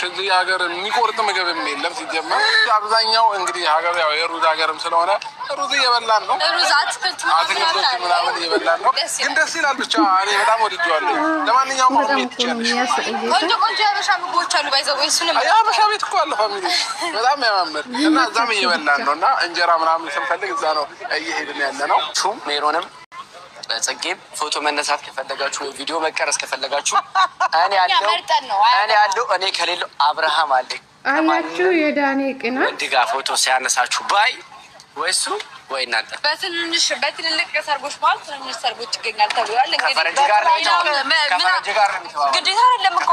ጭራሽ እዚህ ሀገር የሚቆርጥ ምግብም የለም። ሲጀመር አብዛኛው እንግዲህ ሀገር ያው የሩዝ ሀገርም ስለሆነ ሩዝ እየበላን ነው፣ ሩዝ አትክልቶች ምናምን እየበላን ነው። ግን ደስ ይላል። ብቻ እኔ በጣም ወድጄዋለሁ። ለማንኛውም ቆንጆ ቆንጆ የሀበሻ ምግቦች አሉ። የሀበሻ ቤት እኮ አለ ፋሚሊ በጣም ያማምር እና እዛም እየበላን ነው እና እንጀራ ምናምን ስንፈልግ እዛ ነው እየሄድን ያለ ነው ሹም ሜሮንም ጽጌም ፎቶ መነሳት ከፈለጋችሁ ወይ ቪዲዮ መቀረስ ከፈለጋችሁ እኔ ያለው እኔ ያለው ከሌለው አብርሃም አለ አላችሁ። የዳኔ ቅናት ድጋ ፎቶ ሲያነሳችሁ ባይ ወይ እሱ ወይ እናንተ በትንንሽ በትልልቅ ሰርጎች ማለት ትንንሽ ሰርጎች ይገኛል ተብሏል። እንግዲህ ከፈረንጅ ጋር ነው የሚተዋወቀው ግዴታ አይደለም እኮ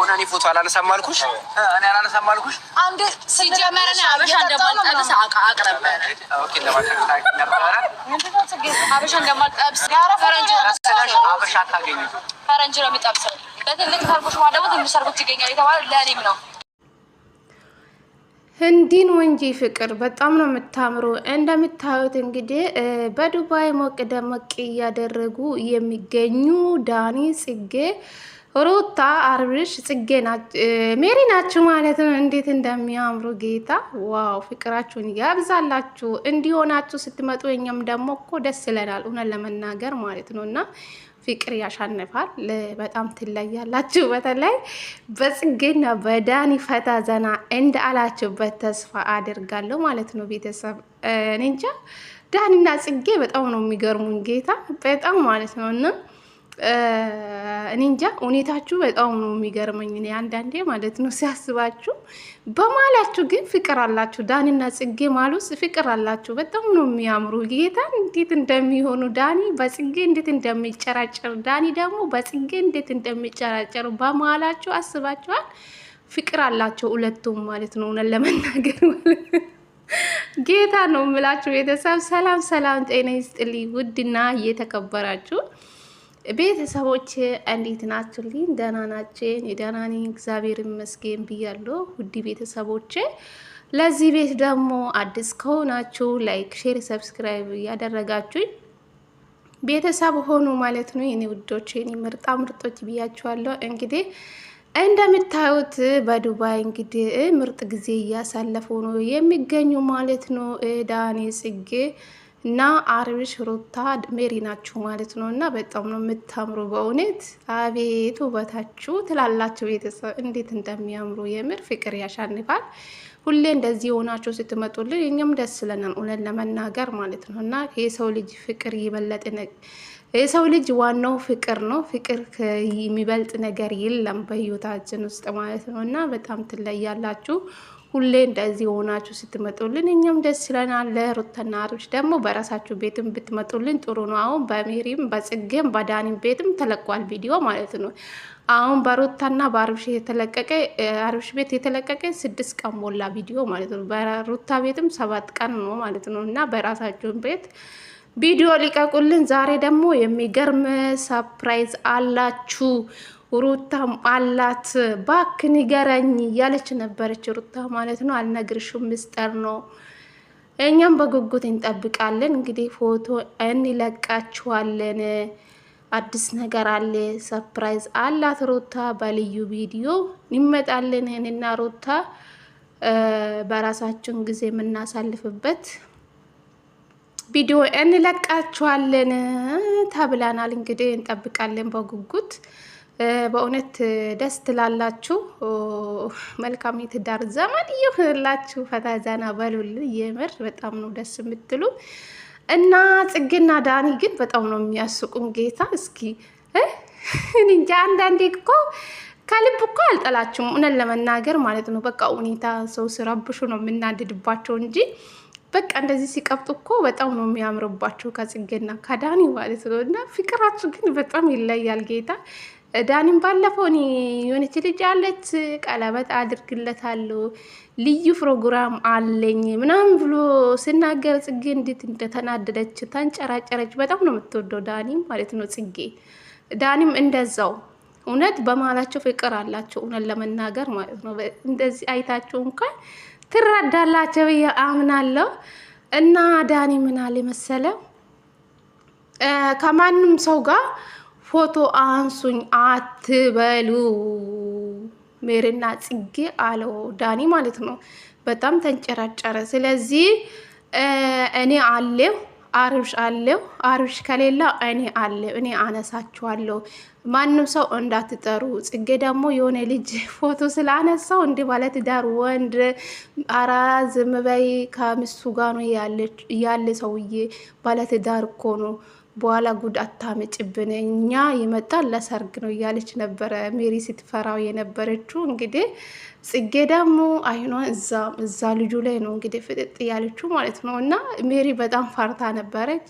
ሆነ እኔ ፎቶ አላነሳም አልኩሽ፣ እኔ አላነሳም አልኩሽ። ሲጀመር አበሻ እንደማልጠብስ ፈረንጅ ነው የሚጠብሰው። በትልቅ ሰርጎች ደግሞ ትንሽ ሰርጎች ይገኛል የተባለ ለእኔም ነው። ፍቅር በጣም ነው የምታምሩ። እንደምታዩት እንግዲህ በዱባይ ሞቅ ደመቅ እያደረጉ የሚገኙ ዳኒ ጽጌ ሩታ አብርሽ ጽጌ ሜሪ ናችሁ ማለት ነው። እንዴት እንደሚያምሩ ጌታ ዋው! ፍቅራችሁን ያብዛላችሁ። እንዲሆናችሁ ስትመጡ እኛም ደግሞ እኮ ደስ ይለናል፣ እውነት ለመናገር ማለት ነው እና ፍቅር ያሻንፋል። በጣም ትለያላችሁ። በተለይ በጽጌና በዳኒ ፈታ ዘና እንደ አላችሁበት ተስፋ አድርጋለሁ ማለት ነው። ቤተሰብ እንጃ ዳኒና ጽጌ በጣም ነው የሚገርሙን ጌታ በጣም ማለት ነው እና እኔ እንጃ ሁኔታችሁ በጣም ነው የሚገርመኝ። እኔ አንዳንዴ ማለት ነው ሲያስባችሁ በማላችሁ ግን ፍቅር አላችሁ። ዳኒና ጽጌ ማሉስ ፍቅር አላችሁ። በጣም ነው የሚያምሩ። ጌታን እንዴት እንደሚሆኑ ዳኒ በጽጌ እንዴት እንደሚጨራጨር፣ ዳኒ ደግሞ በጽጌ እንዴት እንደሚጨራጨሩ በማላችሁ አስባችኋል። ፍቅር አላቸው ሁለቱም ማለት ነው ለመናገር ጌታ ነው የምላችሁ። ቤተሰብ ሰላም ሰላም፣ ጤና ይስጥልኝ ውድና እየተከበራችሁ ቤተሰቦች እንዴት ናችሁልኝ? ደህና ናችሁ? እኔ ደህና ነኝ፣ እግዚአብሔር ይመስገን ብያለሁ። ውድ ቤተሰቦች ለዚህ ቤት ደግሞ አዲስ ከሆናችሁ ላይክ፣ ሼር፣ ሰብስክራይብ እያደረጋችሁኝ ቤተሰብ ሆኑ ማለት ነው። የኔ ውዶች፣ የኔ ምርጣ ምርጦች ብያችኋለሁ። እንግዲህ እንደምታዩት በዱባይ እንግዲህ ምርጥ ጊዜ እያሳለፉ ነው የሚገኙ ማለት ነው ዳኒ ጽጌ እና አብርሽ ሩታ ሜሪ ናችሁ ማለት ነው። እና በጣም ነው የምታምሩ በእውነት አቤት ውበታችሁ ትላላችሁ። ቤተሰብ እንዴት እንደሚያምሩ የምር ፍቅር ያሻንፋል። ሁሌ እንደዚህ የሆናችሁ ስትመጡልን እኛም ደስ ይለናል፣ እውነት ለመናገር ማለት ነው። እና የሰው ልጅ ፍቅር ይበለጥ የሰው ልጅ ዋናው ፍቅር ነው። ፍቅር የሚበልጥ ነገር የለም በህይወታችን ውስጥ ማለት ነው። እና በጣም ትለያላችሁ። ሁሌ እንደዚህ ሆናችሁ ስትመጡልን እኛም ደስ ይለናል። ለሩታና አብርሽ ደግሞ በራሳችሁ ቤትም ብትመጡልን ጥሩ ነው። አሁን በሜሪም በጽጌም በዳኒም ቤትም ተለቋል ቪዲዮ ማለት ነው። አሁን በሩታና በአብርሽ የተለቀቀ አብርሽ ቤት የተለቀቀ ስድስት ቀን ሞላ ቪዲዮ ማለት ነው። በሩታ ቤትም ሰባት ቀን ነው ማለት ነው እና በራሳችሁን ቤት ቪዲዮ ሊቀቁልን። ዛሬ ደግሞ የሚገርም ሰፕራይዝ አላችሁ። ሩታም አላት ባክ ንገረኝ እያለች ነበረች። ሩታ ማለት ነው። አልነግርሽም ምስጢር ነው። እኛም በጉጉት እንጠብቃለን። እንግዲህ ፎቶ እንለቃችኋለን። አዲስ ነገር አለ፣ ሰርፕራይዝ አላት ሩታ። በልዩ ቪዲዮ እንመጣለን። እኔና ሩታ በራሳችን ጊዜ የምናሳልፍበት ቪዲዮ እንለቃችኋለን ተብላናል። እንግዲህ እንጠብቃለን በጉጉት በእውነት ደስ ትላላችሁ። መልካም የትዳር ዘመን ይሁንላችሁ። ፈታ ዘና በሉልን። የምር በጣም ነው ደስ የምትሉ እና ጽጌና ዳኒ ግን በጣም ነው የሚያስቁም። ጌታ እስኪ እንጃ አንዳንዴ እኮ ከልብ እኮ አልጠላችሁም፣ እውነት ለመናገር ማለት ነው። በቃ ሁኔታ ሰው ሲረብሹ ነው የምናድድባቸው እንጂ በቃ እንደዚህ ሲቀብጡ እኮ በጣም ነው የሚያምርባቸው ከጽጌና ከዳኒ ማለት ነው። እና ፍቅራችሁ ግን በጣም ይለያል ጌታ ዳኒም ባለፈው እኔ የሆነች ልጅ አለች ቀለበት አድርግለታለሁ ልዩ ፕሮግራም አለኝ ምናምን ብሎ ስናገር ጽጌ እንዴት እንደተናደደች ተንጨራጨረች። በጣም ነው የምትወደው ዳኒም ማለት ነው ጽጌ። ዳኒም እንደዛው እውነት በማላቸው ፍቅር አላቸው እውነት ለመናገር ማለት ነው። እንደዚህ አይታቸው እንኳን ትረዳላቸው ብዬ አምናለሁ። እና ዳኒ ምን አለ መሰለ ከማንም ሰው ጋር ፎቶ አንሱኝ አትበሉ ሜሪና ጽጌ አለው ዳኒ ማለት ነው። በጣም ተንጨራጨረ። ስለዚህ እኔ አለው አርብሽ አለው አርብሽ ከሌላ እኔ አለው እኔ አነሳችኋለሁ። ማንም ሰው እንዳትጠሩ። ጽጌ ደግሞ የሆነ ልጅ ፎቶ ስላነሳው እንደ ባለትዳር ወንድ አራ ዝም በይ፣ ከምሱ ጋር ነው ያለ ሰውዬ ባለትዳር እኮ ነው በኋላ ጉድ አታምጭብን እኛ ለሰርግ ነው እያለች ነበረ ሜሪ ስትፈራው የነበረችው። እንግዲህ ጽጌ ደግሞ አይኗ እዛ ልጁ ላይ ነው እንግዲህ ፍጥጥ እያለችው ማለት ነው። እና ሜሪ በጣም ፈርታ ነበረች።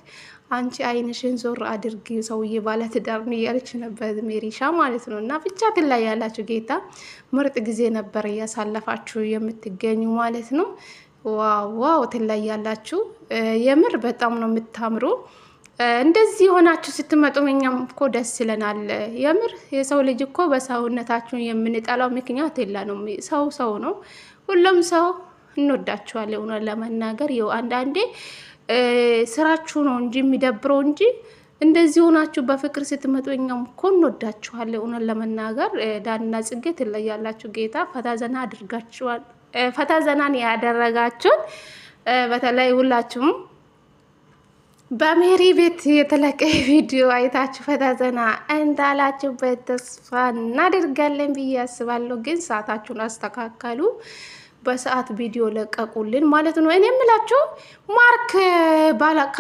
አንቺ አይንሽን ዞር አድርጊ ሰውዬ ባለ ትዳር ነው እያለች ነበር ሜሪሻ ማለት ነው። እና ብቻ ግን ያላችሁ ጌታ ምርጥ ጊዜ ነበር እያሳለፋችሁ የምትገኙ ማለት ነው። ዋው ዋው ትላይ ያላችሁ የምር በጣም ነው የምታምሩ። እንደዚህ የሆናችሁ ስትመጡ እኛም እኮ ደስ ይለናል። የምር የሰው ልጅ እኮ በሰውነታችሁን የምንጠላው ምክንያት የለንም። ሰው ሰው ነው፣ ሁሉም ሰው እንወዳችኋል። የሆነ ለመናገር ይኸው አንዳንዴ ስራችሁ ነው እንጂ የሚደብረው እንጂ እንደዚህ ሆናችሁ በፍቅር ስትመጡ እኛም እኮ እንወዳችኋል። እውነን ለመናገር ዳንና ጽጌ ትለያላችሁ። ጌታ ፈታ ዘና አድርጋችኋል። ፈታ ዘናን ያደረጋችሁን በተለይ ሁላችሁም በሜሪ ቤት የተለቀ ቪዲዮ አይታችሁ ፈታዘና እንዳላችሁበት ተስፋ እናደርጋለን ብዬ አስባለሁ። ግን ሰዓታችሁን አስተካከሉ። በሰዓት ቪዲዮ ለቀቁልን ማለት ነው። እኔ የምላችሁ ማርክ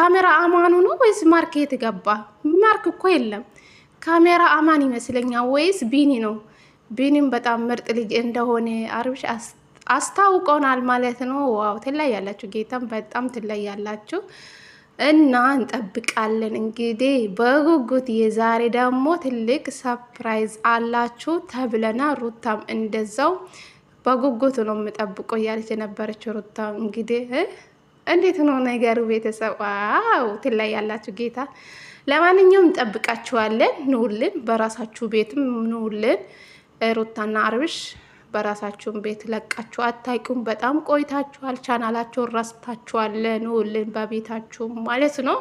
ካሜራ አማኑ ነው ወይስ ማርክ የት ገባ? ማርክ እኮ የለም። ካሜራ አማን ይመስለኛል ወይስ ቢኒ ነው? ቢኒም በጣም ምርጥ ልጅ እንደሆነ አርብሽ አስታውቀናል ማለት ነው። ዋው ትለያላችሁ፣ ጌታም በጣም ትለያላችሁ። እና እንጠብቃለን እንግዲህ በጉጉት የዛሬ ደግሞ ትልቅ ሰፕራይዝ አላችሁ ተብለና ሩታም እንደዛው በጉጉት ነው የምጠብቆ እያለች የነበረችው ሩታ እንግዲህ እንዴት ነው ነገሩ? ቤተሰብ ዋው ትላይ ያላችሁ ጌታ። ለማንኛውም እንጠብቃችኋለን። ኑልን፣ በራሳችሁ ቤትም ኑልን። ሩታና አብርሽ በራሳችሁን ቤት ለቃችሁ አታውቁም። በጣም ቆይታችኋል። ቻናላችሁን ረስታችኋል። ኑልን በቤታችሁ ማለት ነው።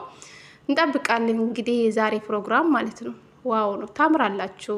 እንጠብቃለን እንግዲህ የዛሬ ፕሮግራም ማለት ነው። ዋው ነው፣ ታምራላችሁ።